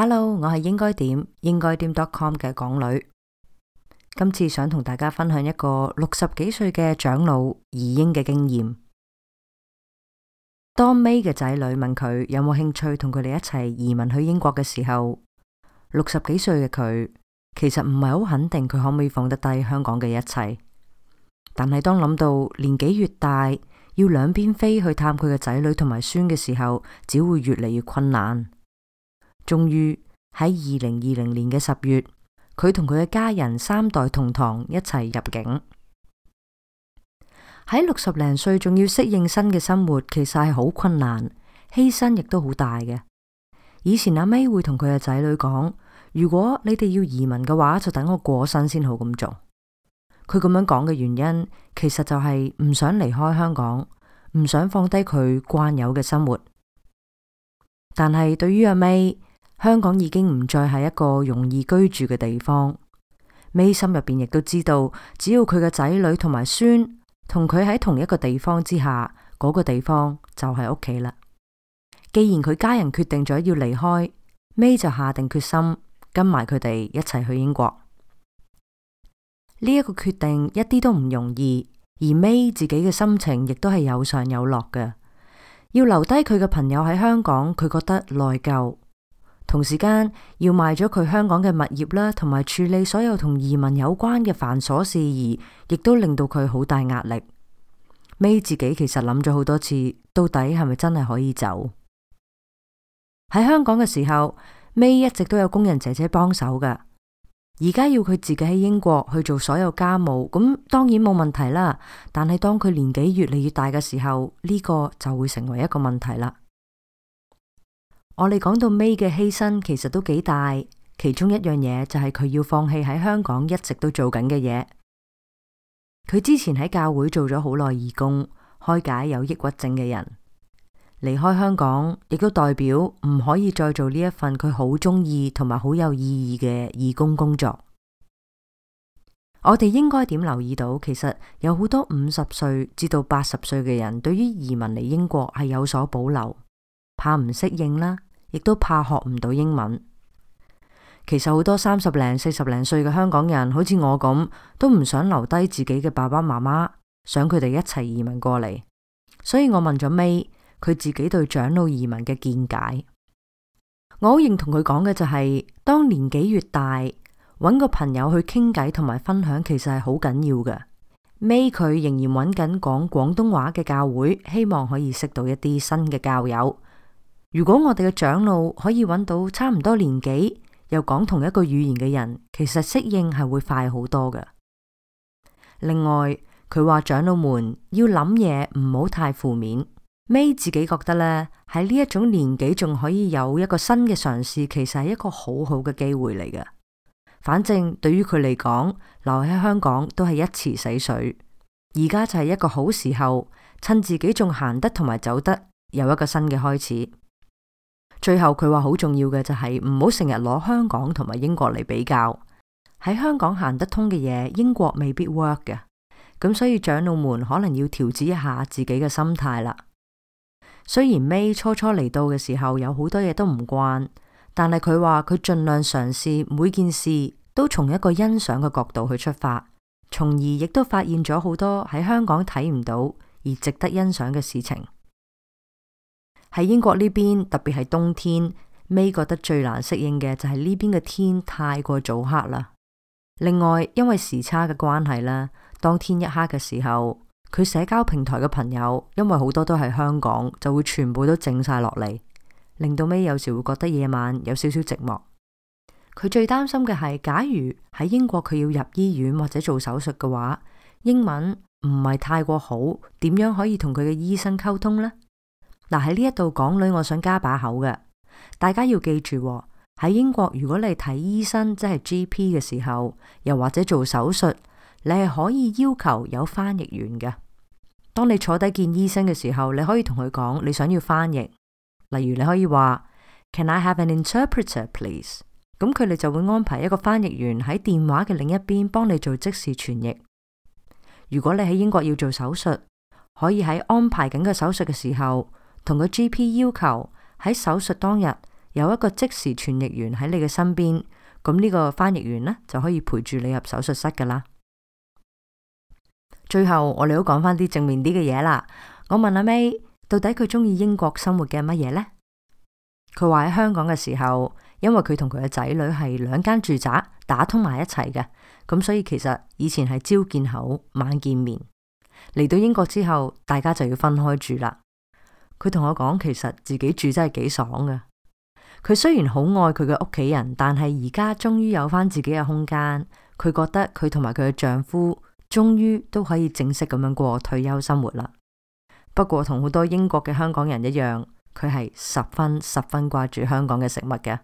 Hello，我係應該點應該點 .com 嘅港女，今次想同大家分享一個六十幾歲嘅長老移英嘅經驗。當 May 嘅仔女問佢有冇興趣同佢哋一齊移民去英國嘅時候，六十幾歲嘅佢其實唔係好肯定佢可唔可以放得低香港嘅一切，但係當諗到年紀越大要兩邊飛去探佢嘅仔女同埋孫嘅時候，只會越嚟越困難。終於喺二零二零年嘅十月，佢同佢嘅家人三代同堂一齊入境。喺六十零歲仲要適應新嘅生活，其實係好困難，犧牲亦都好大嘅。以前阿 May 會同佢嘅仔女講：如果你哋要移民嘅話，就等我過身先好咁做。佢咁樣講嘅原因，其實就係唔想離開香港，唔想放低佢慣有嘅生活。但係對於阿 May…… 香港已經唔再係一個容易居住嘅地方。May 心入邊亦都知道，只要佢嘅仔女同埋孫同佢喺同一個地方之下，嗰個地方就係屋企啦。既然佢家人決定咗要離開，May 就下定決心跟埋佢哋一齊去英國。呢一個決定一啲都唔容易，而 May 自己嘅心情亦都係有上有落嘅。要留低佢嘅朋友喺香港，佢覺得內疚。同時間要賣咗佢香港嘅物業啦，同埋處理所有同移民有關嘅繁瑣事宜，亦都令到佢好大壓力。May 自己其實諗咗好多次，到底係咪真係可以走？喺香港嘅時候，May 一直都有工人姐姐幫手噶，而家要佢自己喺英國去做所有家務，咁當然冇問題啦。但係當佢年紀越嚟越大嘅時候，呢個就會成為一個問題啦。我哋講到 May 嘅犧牲其實都幾大，其中一樣嘢就係佢要放棄喺香港一直都做緊嘅嘢。佢之前喺教會做咗好耐義工，開解有抑鬱症嘅人。離開香港亦都代表唔可以再做呢一份佢好中意同埋好有意義嘅義工工作。我哋應該點留意到，其實有好多五十歲至到八十歲嘅人，對於移民嚟英國係有所保留，怕唔適應啦。亦都怕學唔到英文。其實好多三十零、四十零歲嘅香港人，好似我咁，都唔想留低自己嘅爸爸媽媽，想佢哋一齊移民過嚟。所以我問咗 May 佢自己對長老移民嘅見解。我好認同佢講嘅就係，當年紀越大，揾個朋友去傾偈同埋分享，其實係好緊要嘅。May 佢仍然揾緊講廣東話嘅教會，希望可以識到一啲新嘅教友。如果我哋嘅長老可以揾到差唔多年紀又講同一個語言嘅人，其實適應係會快好多嘅。另外，佢話長老們要諗嘢唔好太負面，咪自己覺得呢，喺呢一種年紀仲可以有一個新嘅嘗試，其實係一個好好嘅機會嚟嘅。反正對於佢嚟講，留喺香港都係一池死水，而家就係一個好時候，趁自己仲行得同埋走得，有一個新嘅開始。最後佢話好重要嘅就係唔好成日攞香港同埋英國嚟比較，喺香港行得通嘅嘢，英國未必 work 噶。咁所以長老們可能要調整一下自己嘅心態啦。雖然 May 初初嚟到嘅時候有好多嘢都唔慣，但係佢話佢盡量嘗試每件事都從一個欣賞嘅角度去出發，從而亦都發現咗好多喺香港睇唔到而值得欣賞嘅事情。喺英國呢邊，特別係冬天，May 覺得最難適應嘅就係呢邊嘅天太過早黑啦。另外，因為時差嘅關係啦，當天一黑嘅時候，佢社交平台嘅朋友，因為好多都喺香港，就會全部都靜晒落嚟，令到 May 有時會覺得夜晚有少少寂寞。佢最擔心嘅係，假如喺英國佢要入醫院或者做手術嘅話，英文唔係太過好，點樣可以同佢嘅醫生溝通呢？嗱，喺呢一度，港女，我想加把口嘅，大家要記住喺、哦、英國，如果你睇醫生即係 GP 嘅時候，又或者做手術，你係可以要求有翻譯員嘅。當你坐低見醫生嘅時候，你可以同佢講你想要翻譯，例如你可以話 Can I have an interpreter, please？咁佢哋就會安排一個翻譯員喺電話嘅另一邊幫你做即時傳譯。如果你喺英國要做手術，可以喺安排緊個手術嘅時候。同個 GP 要求喺手術當日有一個即時傳譯員喺你嘅身邊，咁、這、呢個翻譯員呢，就可以陪住你入手術室噶啦。最後我哋都講翻啲正面啲嘅嘢啦。我問阿 May：「到底佢中意英國生活嘅乜嘢呢？」佢話喺香港嘅時候，因為佢同佢嘅仔女係兩間住宅打通埋一齊嘅，咁所以其實以前係朝見口晚見面。嚟到英國之後，大家就要分開住啦。佢同我講，其實自己住真係幾爽㗎。佢雖然好愛佢嘅屋企人，但係而家終於有返自己嘅空間，佢覺得佢同埋佢嘅丈夫終於都可以正式咁樣過退休生活啦。不過同好多英國嘅香港人一樣，佢係十分十分掛住香港嘅食物嘅。